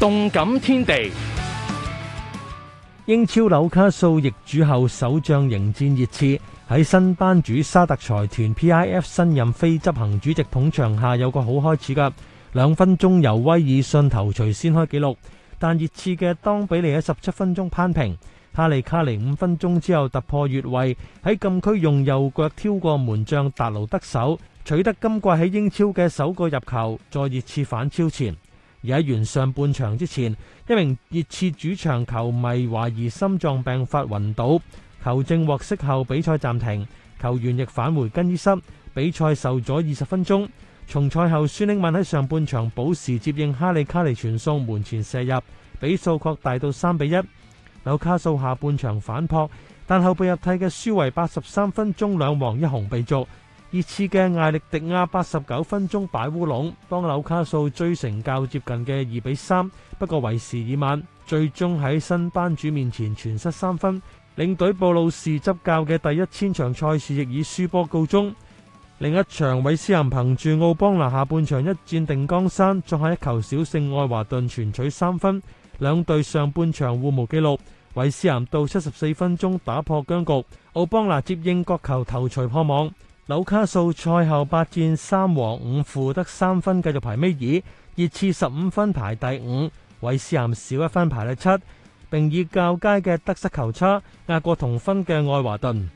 動感天地，英超紐卡素易主後首仗迎戰熱刺，喺新班主沙特財團 P I F 新任非執行主席捧場下有個好開始噶。兩分鐘由威爾遜頭槌先開紀錄，但熱刺嘅當比利喺十七分鐘攀平。哈利卡尼五分鐘之後突破越位，喺禁區用右腳挑過門將達盧得手，取得今季喺英超嘅首個入球，在熱刺反超前。而喺完上半場之前，一名熱刺主場球迷懷疑心臟病發暈倒，球證獲悉後比賽暫停，球員亦返回更衣室，比賽受阻二十分鐘。重賽後，孫興慜喺上半場補時接應哈利卡尼傳送門前射入，比數擴大到三比一。紐卡素下半場反撲，但後備入替嘅舒維八十三分鐘兩黃一紅被逐。熱刺嘅艾力迪亞八十九分鐘擺烏龍，幫紐卡素追成較接近嘅二比三，不過為時已晚，最終喺新班主面前全失三分。領隊布魯士執教嘅第一千場賽事亦以輸波告終。另一場，韋斯咸憑住奧邦拿下半場一戰定江山，作下一球小勝愛華頓，全取三分。兩隊上半場互無紀錄，韋斯咸到七十四分鐘打破僵局，奧邦拿接應角球頭槌破網。紐卡素賽後八戰三和五負得三分，繼續排尾二；熱刺十五分排第五，韋斯咸少一分排第七，並以較佳嘅得失球差壓過同分嘅愛華頓。